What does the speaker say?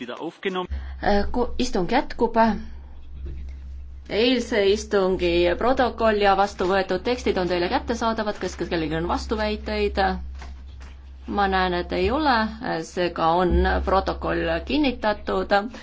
Äh, istung jätkub. eilse istungi protokoll ja vastu võetud tekstid on teile kättesaadavad, kas kellelgi on vastuväiteid? ma näen, et ei ole, seega on protokoll kinnitatud.